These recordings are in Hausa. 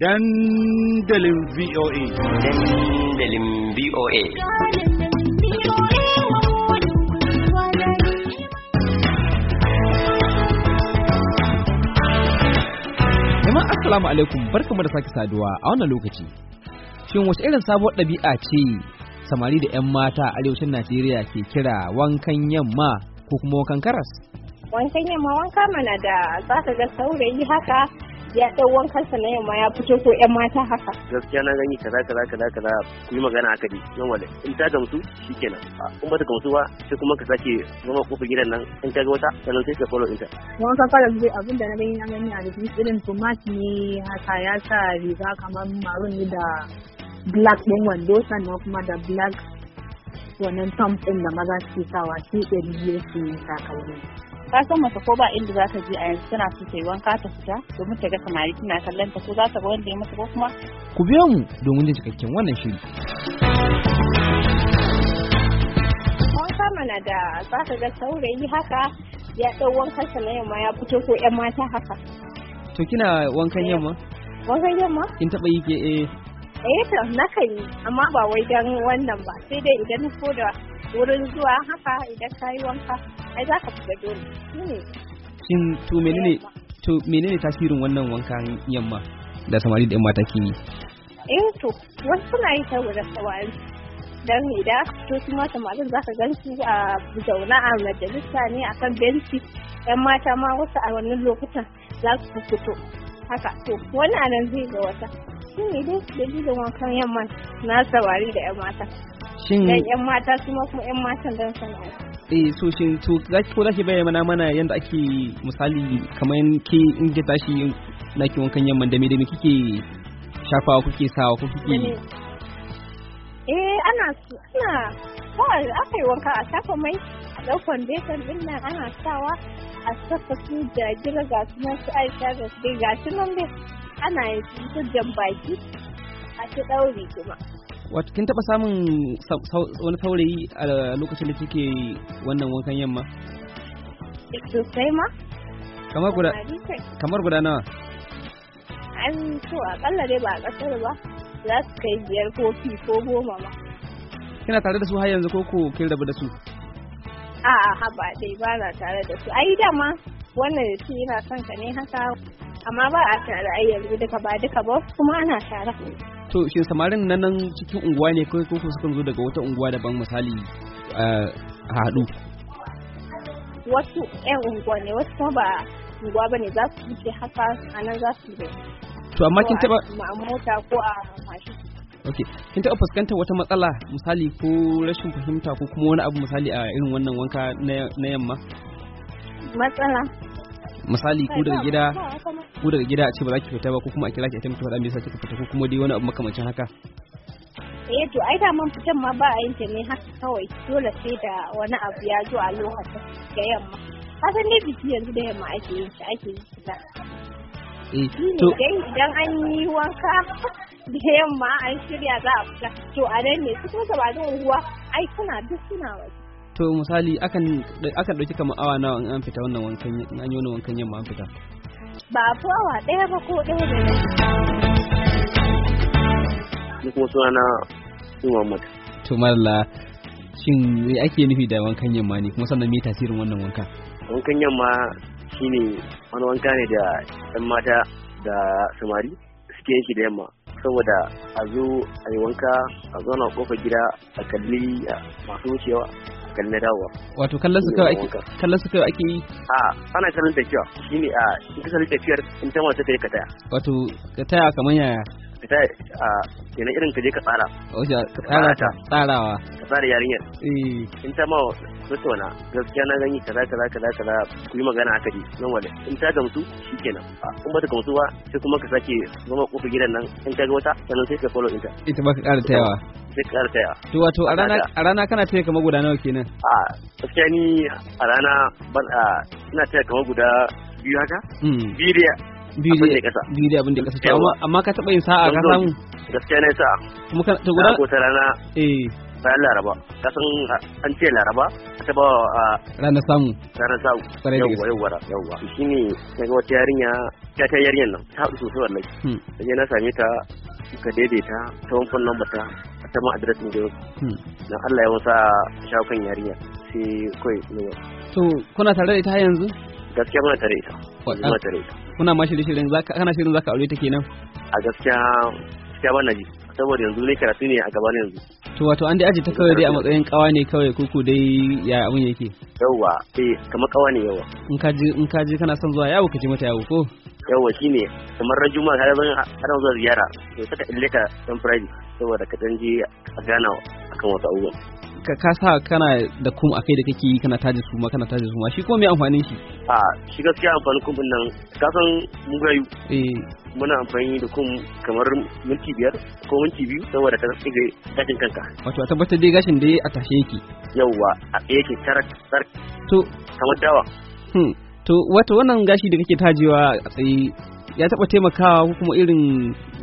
dandalin VOA. Dandalin VOA. Jama'a Assalamu alaikum barkamu da sake saduwa a wannan lokaci. Shin wace irin sabuwar ɗabi'a ce samari da 'yan mata a arewacin Najeriya ke kira wankan yamma ko kuma wankan karas? Wankan yamma wanka mana da za ka ga saurayi haka ya wankan sa na yamma ya fito ko yan mata haka. Gaskiya na gani kaza kaza kaza kaza ku yi magana aka dai yan wale in ta gamsu shikenan in ba ta gamsu ba sai kuma ka sake zama kofar gidan nan in ta ga wata sannan sai ka follow wani kan fara zai abin da na gani na gani a jikin irin tomat ne haka ya sa riga kamar maroon ne da black ɗin wando sannan kuma da black wannan tom ɗin da maza suke sawa sai ɗari biyar su yi takalmi. ka san mace ko ba inda za ta je a yanzu tana so yi wanka ta fita domin ta ga samari tana kallon ta ko za ta ga wanda ya mata ko kuma ku biyo mu domin jin cikakken wannan shiri wanka mana da za ka ga saurayi haka ya ɗau wankan sa na yamma ya fito ko ƴan mata haka to kina wankan eh, yamma wankan yamma in taɓa yi ke eh eh to na kan yi amma ba wai dan wannan ba sai dai idan ko da wurin zuwa haka idan ka yi wanka ai za ka fita dole shin to menene to menene tasirin wannan wankan yamma da samari da mata ke yi eh to wasu suna yi ta wurin samari dan idan aka fito su ma malam za ka gan su a zauna a majalisa ne a kan benci yan mata ma wasu a wannan lokutan za su fito haka to wani anan zai ga wata shi ne dai dalilin wankan yamma na samari da yan mata shin yan mata su ma kuma yan matan dan sana'a eh so shin to ki ko ki bayyana mana yanda ake misali kamar ke in ki tashi na ki wankan yamman da me da me kike shafawa kuke sawa ko kike eh ana ana ko aka yi wanka a shafa mai a ɗau foundation din nan ana sawa a saka su da jira ga su nan su aisha ga su dai ga su nan dai ana yi su baki a ta daure kuma wato kin taba samun wani saurayi a lokacin da kike wannan wankan yamma sosai ma kamar guda kamar guda nawa an to dai ba a kasar ba za su kai biyar ko fi ko goma ma kina tare da su har yanzu ko ko kin rabu da su a'a haba dai ba na tare da su ai dama wannan da shi yana son ka ne haka amma ba a tare ai yanzu duka ba duka ba kuma ana tare to shin samarin na nan cikin unguwa ne ko ko sukan zo daga wata unguwa daban misali eh, a haɗu wasu 'yan unguwa ne wasu kuma ba unguwa bane za su wuce haka a nan za su yi to amma kin taba a mota ko a mashin okay kin taɓa fuskantar wata matsala misali ko rashin fahimta ko kuma wani abu misali a irin wannan wanka na yamma matsala misali ku daga gida ku daga gida a ce ba za ki fita ba ko kuma a kira ki a taimaka faɗa me yasa kika fita ko kuma dai wani abu makamancin haka eh to ai man fitan ma ba a yin ta ne haka kawai dole sai da wani abu ya zo a lokacin da yamma kasan ne biki yanzu da yamma ake yin shi ake yin shi da eh, to idan an yi wanka da yamma an shirya za a fita to a nan ne su kuma gabanin ruwa ai suna duk suna waje to misali akan ɗauki dauki kamar awa nawa in an fita wannan wankan in an yi wannan wankan yamma an fita ba a awa ɗaya ba ko ɗaya da ni kuma suna na Muhammad to malla shin me ake nufi da wankan yamma ne kuma sannan me tasirin wannan wanka wankan yamma shine wani wanka ne da ɗan mata da samari suke yin shi da yamma saboda a zo a yi wanka a na kofar gida a kalli masu wucewa kalle na wato kallon su kawai kallon su kawai ake yi a ana kallon tafiya shine a in ka tafiyar in ta mata kai ka taya wato ka taya kamar yaya ta a kenan irin ka je ka tsara oja ka tsara ta tsarawa ka tsara yarinyar eh in ta ma tattauna gaskiya na gani kaza kaza kaza kaza ku yi magana aka ji nan wale in ta gamsu shikenan in ba ta gamsu ba sai kuma ka sake zama kofi gidan nan in ka ga wata sannan sai ka follow ita. ita ba ka ƙara tayawa sai ka ƙara tayawa to wato a rana kana taya kamar guda nawa kenan a gaskiya ni a rana ban a ina taya kamar guda biyu haka hmm. biyu biyu da abin da kasa to amma ka taba yin sa'a ka samu gaskiya ne sa'a kuma ka ta guda ko ta rana eh bayan laraba ka san an ce laraba ta a ranar samu ranar samu yawwa yawwa ne ta ga wata yarinya ta ta yarinyar nan ta haɗu sosai wallahi sai hmm. na same ta Ka daidaita ta wanfan nan bata ta ma adiresin da yau. Hmm. na Allah ya wasa shafukan yarinya sai kawai to kuna tare da ita yanzu gaskiya muna tare ita muna tare ita kuna ma shirye-shiryen zaka kana shirin zaka aure ta kenan a gaskiya gaskiya ba ji saboda yanzu ne karatu ne a gaban yanzu to wato an dai aje ta kawai dai a matsayin kawa ne kawai kuku dai ya abun yake yawa eh kamar kawa ne yawa in ka ji in ka ji kana son zuwa yawo ka ji mata yawo ko yawa shine kamar ran juma'a har zan har zuwa ziyara to saka illeka dan friday saboda ka danje je a gana akan wata abubuwan ka ka sa kana da kum akai da kake yi kana taji su ma kana taji su ma shi ko me amfanin shi a shi gaskiya amfanin kuma nan ka san mu yi. eh muna amfani da kum kamar minti biyar ko minti biyu saboda ka tsige gashin kanka wato a tabbatar dai gashin da a tashe yake yauwa a yake tarak tarak to kamar dawa hmm to wato wannan gashi da kake tajewa a tsaye ya taɓa taimakawa ko kuma irin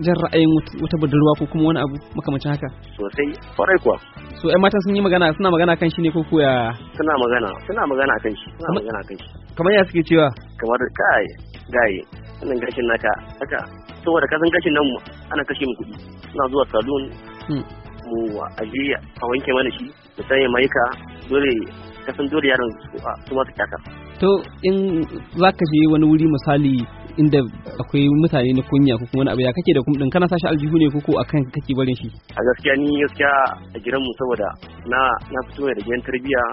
jan ra'ayin wata budurwa ko kuma wani abu makamancin haka sosai kwarai kuwa so ƴan matan sun yi magana suna magana kan shi ne ko koya suna magana suna magana kan shi suna magana kan shi kamar ya suke cewa kamar kai gaye wannan gashin naka haka saboda kasan gashin nan mu ana kashe mu kuɗi suna zuwa salon hmm. mu aje a wanke mana shi da sanya ka dole kasan dole yaron su ma su kyakar to in za ka je wani wuri misali inda akwai mutane na kunya ko kuma wani abu ya kake da kum kana sashi aljihu ne ko ko kan kake barin shi a gaskiya ni gaskiya a gidan mu saboda na na fito ne da gidan tarbiyya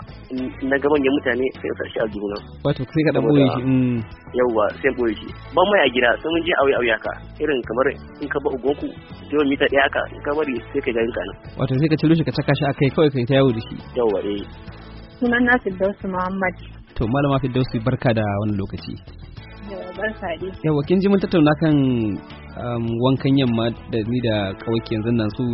na ga manyan mutane sai ka sashi aljihu na wato sai ka da boye shi mm. yawwa sai boye shi ba mai a gida sai mun je auye auye haka irin kamar in ka ba ugonku sai mita ɗaya haka in ka bari sai ka ka kana wato sai ka ciro shi ka caka shi akai kawai kai ta yawo da shi yawwa eh sunan na Firdausu Muhammad to malama Firdausu barka da wani lokaci barka yawa kin ji mun tattauna kan um, wankan yamma da ni da kawaki yanzu nan su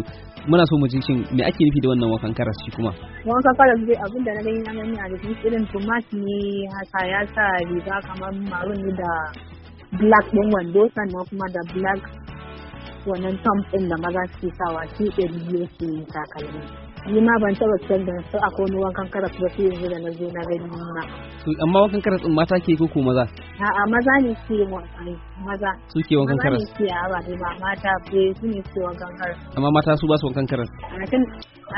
muna so mu ji shin me ake nufi da wannan wankan karas shi kuma wankan karas dai abin da na gani na mani a jikin irin tomat ne haka ya sa riga kamar maroon ne da black din wando sannan kuma da black wannan tom din da maza suke sawa shi ɗari biyu ke takalmi ni ma ban taba can da su akwai wani wankan karas ba sai yanzu da na zo na gani na. To amma wankan karas din mata ke ko maza? A'a maza ne ke wankan maza. Su ke wankan karas? Maza ne ke a ba mata be eh, su ne ke wankan karas. Amma mata su ba su wankan karas?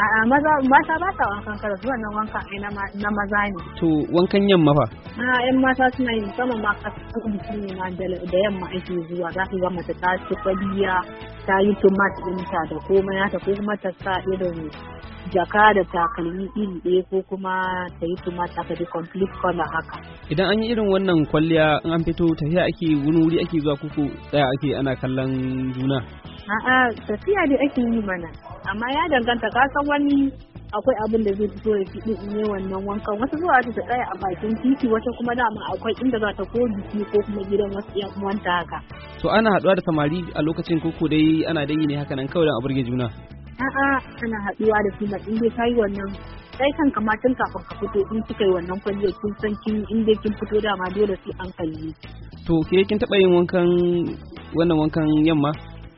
A'a maza mata ba ta wankan karas wannan wanka na maza ne. To wankan yamma fa? A'a yan mata suna yin sama ma kasu ne ma da yamma ake zuwa za su ga mace ta ci kwaliya ta yi tumat ɗinta da komai ta ko kuma ta sa irin jaka da takalmi iri ɗaya ko kuma ta yi tuma aka bi complete color haka. Idan an yi irin wannan kwalliya in an fito tafiya ake wani wuri ake zuwa kuku tsaya ake ana kallon juna. A'a tafiya ne ake yi mana amma ya danganta ka san wani akwai abin da zai fito da fiɗi in yi wannan wankan wasu zuwa ta ta tsaya a bakin titi wata kuma dama akwai inda za ta ko biki ko kuma gidan wasu yan uwanta haka. To ana haɗuwa da samari a lokacin koko dai ana dangi ne haka nan kawai don a burge juna. a'a ana haɗuwa da su in dai ka yi wannan sai kan kama tun kafin ka fito in kika yi wannan kwalliyar kin san kin in dai kin fito dama dole sai an kalli to ke kin taɓa yin wankan wannan wankan yamma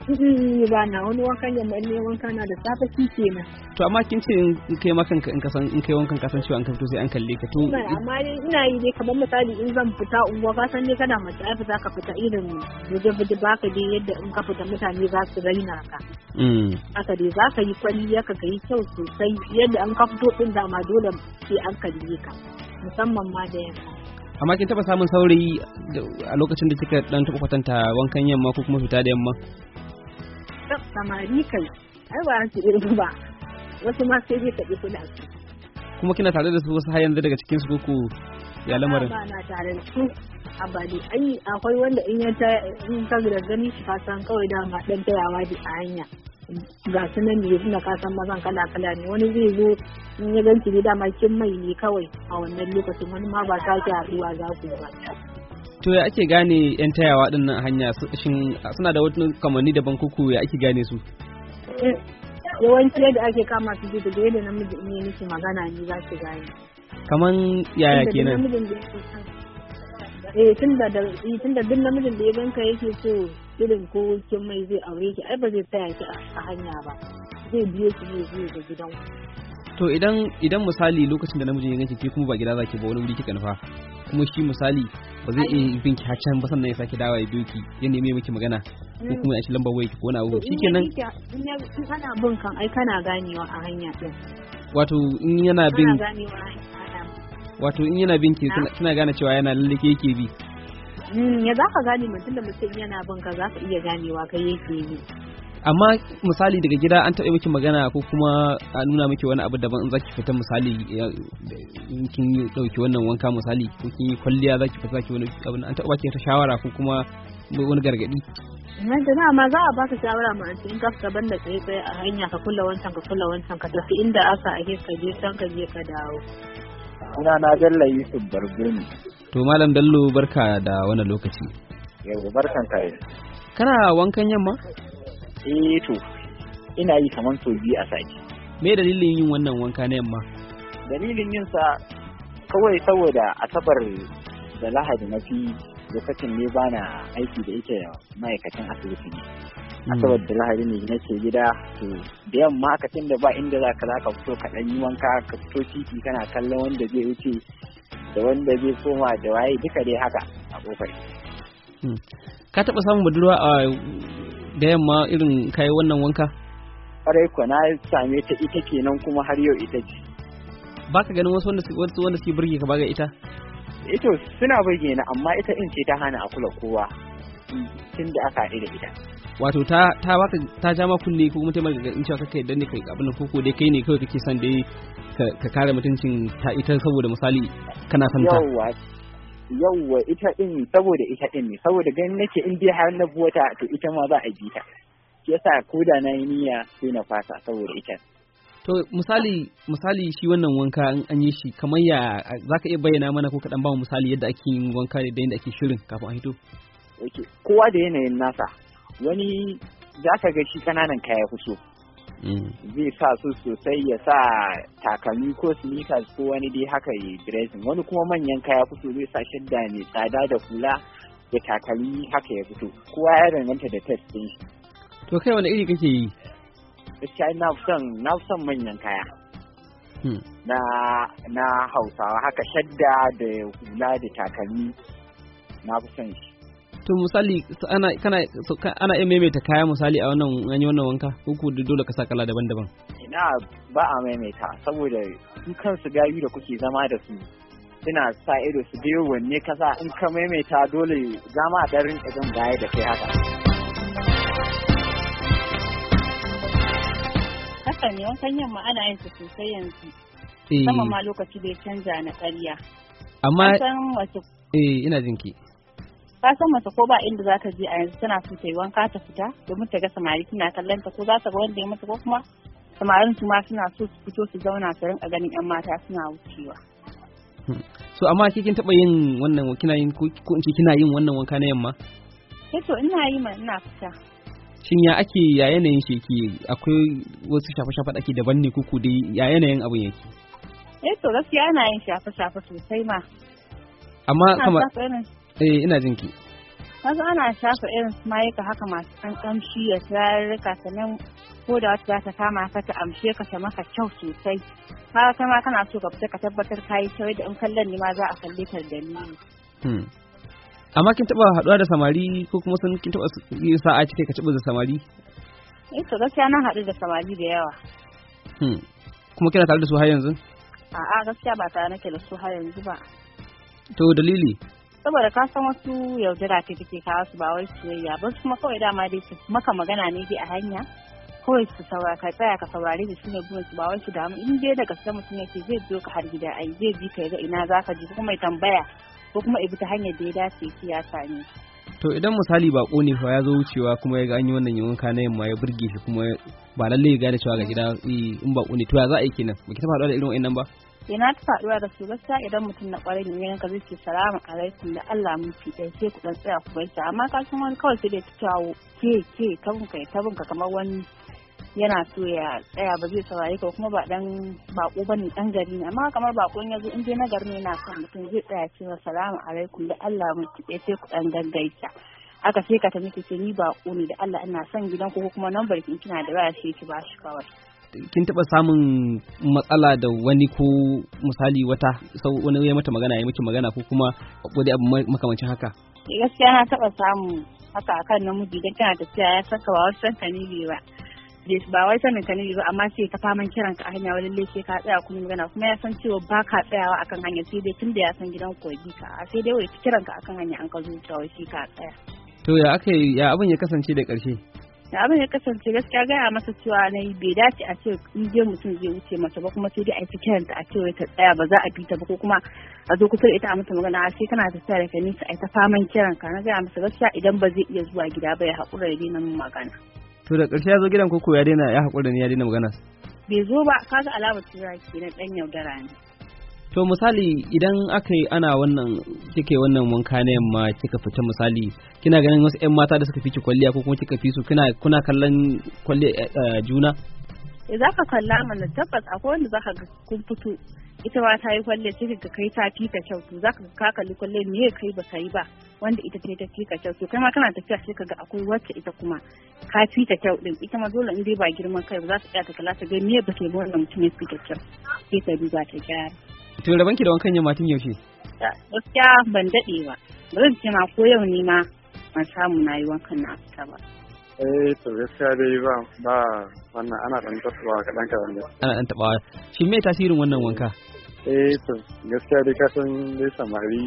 ba na wani wankan yamma ne wanka na da safe shi kenan to amma kin ce in kai makan in ka san in kai wankan ka san cewa an kanto sai an kalle ka to amma ina yi dai kamar misali in zan fita unguwa ka san ne kana mace ai za ka fita irin buje buje ba ka dai yadda in ka fita mutane za su raina ka mm. haka dai za ka yi kwalliya ka yi kyau sosai yadda an ka fito din dama dole sai an kalle ka musamman ma da yamma amma kin taba samun saurayi a lokacin da kika dan taba kwatanta wankan yamma ko kuma fita da yamma samari kai ai ba an su ba wasu ma sai dai ka ɗi kula kuma kina tare da su wasu har yanzu daga cikin su ko ya lamarin ba na tare da su ai akwai wanda in ya ta in ka da gani shi ka san kawai da ma tayawa da a hanya ga su nan ne suna ka san mazan kala kala ne wani zai zo in ya ganci ne dama kin mai ne kawai a wannan lokacin wani ma ba sake haɗuwa za ku ba to ya ake gane yan tayawa din nan hanya shin suna da wani kamanni daban kuku ya ake gane su eh, yawanci yadda ake kama su daga yadda namiji in yi miki magana ne za ki gane kaman yaya kenan eh tunda da eh, tunda duk namijin da ya ganka yake so irin ko kin mai zai aure ki ai ba zai tsaya ki a hanya ba zai biyo ki ne zai ga gidan to idan idan misali lokacin da namijin ya ganki ke kuma ba gida zaki ba wani wuri kika nufa kuma shi misali ba zai iya bin ki can ba sannan ya sake dawa ya doki ya neme miki magana ko kuma ya ci lambar waya ki ko wani abu shikenan in kana bin kan ai kana ganewa a hanya din wato in yana bin wato in yana bin ki kina gane cewa yana lalle ke yake bi hmm, ya za ka gane mutum da mutum yana bin ka za ka iya ganewa kai yake bi amma misali daga gida an taɓa miki magana ko kuma a nuna miki wani abu daban in zaki fita misali kin yi ɗauki wannan wanka misali ko kin yi kwalliya zaki fita zaki wani abu an taɓa baki ta shawara ko kuma wani gargaɗi. Nan da na ma za a baka shawara ma in ka ban banda tsaye tsaye a hanya ka kulla wancan ka kulla wancan ka tafi inda aka a ka je can ka je ka dawo. Ina na Bello Yusuf Bargoni. To Malam Bello barka da wani lokaci. Yau barkan ka yi. Kana wankan yamma? eh to ina yi kamar sau biyu a sati me dalilin yin wannan wanka na yamma dalilin yin sa kawai saboda asabar da lahadi na fi lokacin ne ba na aiki da ita ma'aikacin asibiti ne hmm. asabar da lahadi ne nake gida to da yamma aka da ba inda za ka ka fito ka yi wanka ka fito titi kana kallon wanda zai wuce da wanda zai koma da waye duka dai haka a kofar hmm. ka taɓa samun budurwa a da yamma irin kai wannan wanka ƙwarai ko na same ta ita kenan kuma har yau ita ce ba ka ganin wasu wanda su birge suke ka baga ita ito eh suna birge ni amma ita in ce ta hana a kula kowa tun da aka haɗu da ita wato ta ta baka ta ja ma kunne ko kuma ta maka in cewa kake danne kai abin ko ko dai kai ne kawai kake son dai ka kare mutuncin ta ita saboda misali kana son ta Yawwa yawwa ita din saboda ita din ne saboda ganin nake in dai har na buwata to ita ma za a ji ta yasa ko da na yi niyya sai na fasa saboda ita to misali misali shi wannan wanka in an yi shi kamar ya zaka iya bayyana mana ko kaɗan ba misali yadda ake yin wanka da yadda ake shirin kafin a hito kowa da yanayin nasa wani za ka ga shi kananan kaya kusur. Mm. zai sa su sosai ya sa takalmi ko sneakers ko wani dai haka ya dressing wani kuma manyan kaya fito zai sa shadda mai tsada da hula da takalmi haka ya fito kowa ya danganta da test din shi to kai wani iri kake yi gaskiya na son na son manyan kaya hmm. na hausawa haka shadda da kula da takalmi na fi son shi to misali ana kana ana iya maimaita kaya misali a wannan an yi wannan wanka ko da dole ka sa kala daban-daban ina ba a maimaita saboda su kansu gayu da kuke zama da su ina sa ido su biyo wanne kasa in ka maimaita dole zama a darin idan gaya da kai haka haka ne wankan yamma ana yin su sosai yanzu eh. sama ma lokaci bai canja na ƙarya amma eh ina jinki ka san mace ko ba inda za ta je a yanzu tana so ta yi wanka ta fita domin ta ga samari tana kallon ta ko za ta ga wanda ya mata ko kuma samarin su ma suna so su fito su zauna su rinka ganin yan mata suna wucewa. Hmm. so amma ke kin taba yin wannan kina yin ko in ce kina yin wannan wanka na yamma? ke eh to ina yi ma ina fita. shin ya ake ya yanayin shi ke akwai wasu shafe-shafe da ake daban ne kuku dai ya yanayin abin yake eh to gaskiya ana yin shafe-shafe sosai ma amma kamar eh ina jin ki kaga ana shafa irin su mayuka haka masu ɗan ƙamshi da turarruka sannan ko da wata za ta kama ka ta amshe ka ta maka kyau sosai kaga ta ma kana so ka fita ka tabbatar ka yi da in kallon ni ma za a kalle ka dalili hmm. amma kin taɓa haɗuwa da samari ko kuma sun kin taɓa sa'a cike ka taɓa da samari eh to gaskiya na haɗu da samari da yawa hmm. kuma kina tare da su har yanzu a'a gaskiya ba tare nake da su har yanzu ba to dalili saboda ka san wasu yaudara ta take kawo su ba wai soyayya ba su kuma kawai dama dai su maka magana ne dai a hanya kawai su saurara ka tsaya ka saurare da shine burin su ba wai su damu in dai daga sama mutum yake zai biyo ka har gida ai zai bi ka ga ina za ka ji kuma mai tambaya ko kuma ibi ta hanyar da ya dace ki ya sani. to idan misali bako ne fa ya zo wucewa kuma ya ga an yi wannan yawanka na yamma ya burge shi kuma ba lalle ya gane cewa ga gida eh, in bako ne to ya za a yi kenan ba ki taba da irin wa'annan ba yana eh, ta faɗuwa da su gaskiya idan mutum na kwarai ne yanka zai ce salamu alaikum da Allah mun fi dai sai ku dan tsaya ku amma ka wani kawai sai da tawo ke ke tabun kai tabun ka kamar wani yana so ya tsaya ba zai saurari ka kuma ba dan bako bane dan gari ne amma kamar ya zo in je na garin yana na son mutum zai tsaya ce salamu alaikum da Allah mun fi dai sai ku dan aka sai ka ta miki ce ni bako ne da Allah ina son gidan ku kuma nan barkin kina da waya sai ki ba shi kawai kin taɓa samun matsala da wani ko misali wata sau wani ya mata magana ya miki magana ko kuma wani abu makamancin haka eh, gaskiya na taɓa samun haka akan namiji da tana tafiya ya saka ba wasu san ne ba ba wai sanin kanili ba amma sai ka faman kiran ka a hanya wani lalle ka tsaya kuma magana kuma ya san cewa ba ka tsayawa akan hanya sai dai tun da ya san gidan kogi ka sai dai wai kiran ka akan hanya an ka zuciya shi ka tsaya to ya ya abin ya kasance da ƙarshe da abin ya kasance gaskiya gaya masa cewa na yi bai dace a ce in mutum zai wuce mata ba kuma sai dai a yi kiran ta a ce ta tsaya ba za a bi ta ba ko kuma a zo kusa da ita a mata magana a sai kana tafiya sa nesa a yi ta faman kiran ka na gaya masa gaskiya idan ba zai iya zuwa gida ba ya haƙura ya daina min magana. to da ƙarshe ya zo gidan koko ya daina ya haƙura ne ya daina magana. bai zo ba kaga alamar cewa kenan ɗan yaudara ne. to misali idan aka yi ana wannan kike wannan wanka na yamma kika fita misali kina ganin wasu 'yan mata da suka fi ki kwalliya ko kuma kika fi su kina kuna kallon kwalliya eh, eh, juna eh, Za ka kalla mana tabbas akwai wanda ka ga kun fito ita ma ta yi kwalliya cikin ka kai ta fi ka kyau to za ka kalli kwalliya me kai ba ka yi ba wanda ita ce ta fi ka kyau to kai ma kana tafiya sai ka ga akwai wacce ita kuma ka fi ta kyau din ita ma dole in dai ba girman kai ba za ta iya ta kalla ta ga me ba yi ba wannan mutum ya fi kyau sai ta duba ta gyara To rabanki da wankan yamma tun yaushe? Gaskiya ban daɗe ba. Ba zan ce ma ko yau ne ma ban samu na yi wankan na fita ba. Eh to gaskiya dai ba ba wannan ana ɗan taɓawa kaɗan kaɗan ne. Ana ɗan wa? Shin me tasirin wannan wanka? Eh to gaskiya dai ka san dai samari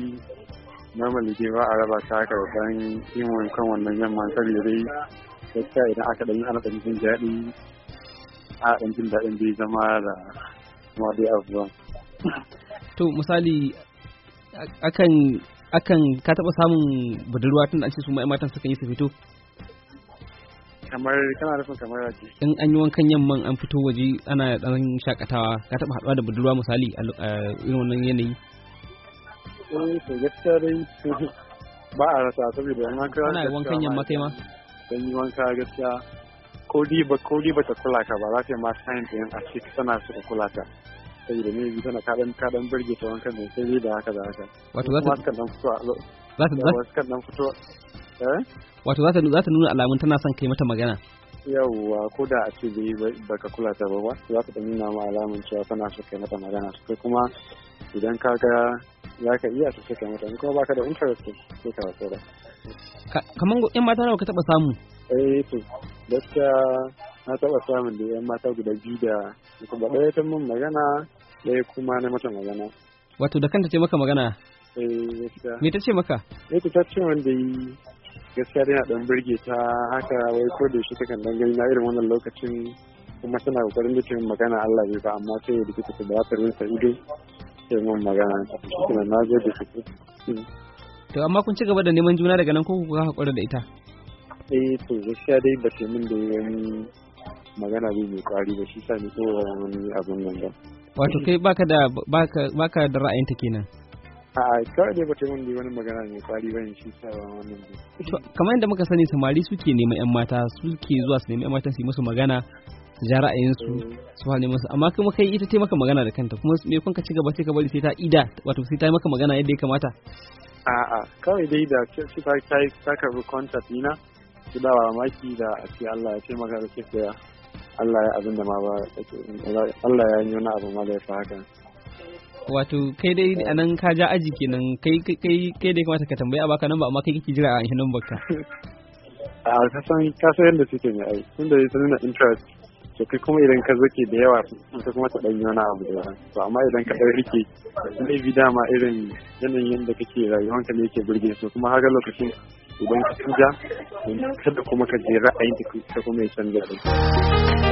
normally dai ba a raba ta haka dan yin wankan wannan yamma saboda dai gaskiya idan aka ɗan yi ana ɗan jin daɗi a ɗan jin daɗin dai zama da kuma dai abubuwan. to misali akan akan ka taba samun budurwa tun an ce su ma'aikatan suka yi su fito kamar kana nufin kamar waje in an yi wankan yamman an fito waje ana dan shakatawa ka taba haduwa da budurwa misali a irin wannan yanayi eh to gaskiya dai ba a rasa saboda yan wanka ana yi wankan yamma kai ma dan yi wanka gaskiya ko di ba ko di ba ta kula ka ba za ta ma sign din a cikin tana su kula ka saboda ne bi tana kaɗan kaɗan birge ta wankan da sai dai da haka da haka wato za ta dan fito za ta za ta dan fito eh? wato za ta za ta nuna alamun tana son kai mata magana yawwa ko da a ce bai baka kula ta ba za ta nuna ma alamun cewa tana son kai mata magana sai kuma idan ka ga za ka iya su kai mata in kuma baka da interest sai ka wato da kamar yan mata nawa ka taba samu eh to gaskiya na taba samun da yan mata guda biyu da kuma ɗaya ta mun magana ɗaya kuma na mata magana wato da kanta ce maka magana eh, me ta ce maka eh ta ce wanda yi gaskiya dai na dan burge ta haka wai ko da shi ta kan dangane na irin wannan lokacin kuma tana kokarin da cewa magana Allah ne ba amma sai da kike da ta rinsa ido sai mun magana kuma na zo da kike hmm. to amma kun ci gaba da neman juna daga nan ko ku hakura da ita eh to gaskiya dai ba ce min da wani magana bai mai kwari ba shi sa ni ko wani abun nan ba wato kai baka da baka baka da ra'ayin ta kenan a kawai dai bata mun wani magana mai kwari bane shi sa wannan kamar yadda muka sani samari suke neman yan mata suke zuwa su neman yan mata su yi musu magana su ja ra'ayinsu mm. su hane musu amma kuma kai ita ta maka magana da kanta kuma me kun ka ci gaba sai ka bari sai ta ida wato sai ta yi maka magana yadda ya kamata a'a kawai dai da su ta ta karbi contact dina su da mamaki da a ce Allah ya taimaka da ke ya Allah ya abin da ma ba Allah ya yi wani abu ma da ya fi haka wato kai dai a nan ka ja aji kenan kai kai kai dai kamata ka tambayi a baka nan ba amma kai kike jira a yi nan baka a ka san ka san yadda suke ne ai tunda ita nuna interest to kai kuma idan ka zake da yawa ka kuma ta ɗan wani abu da yawa to amma idan ka ɗan rike bi dama irin yanayin yadda kake rayuwanka ne yake burge su kuma haka lokacin idan ka tuja kada kuma ka je ra'ayin ta kuma ya canza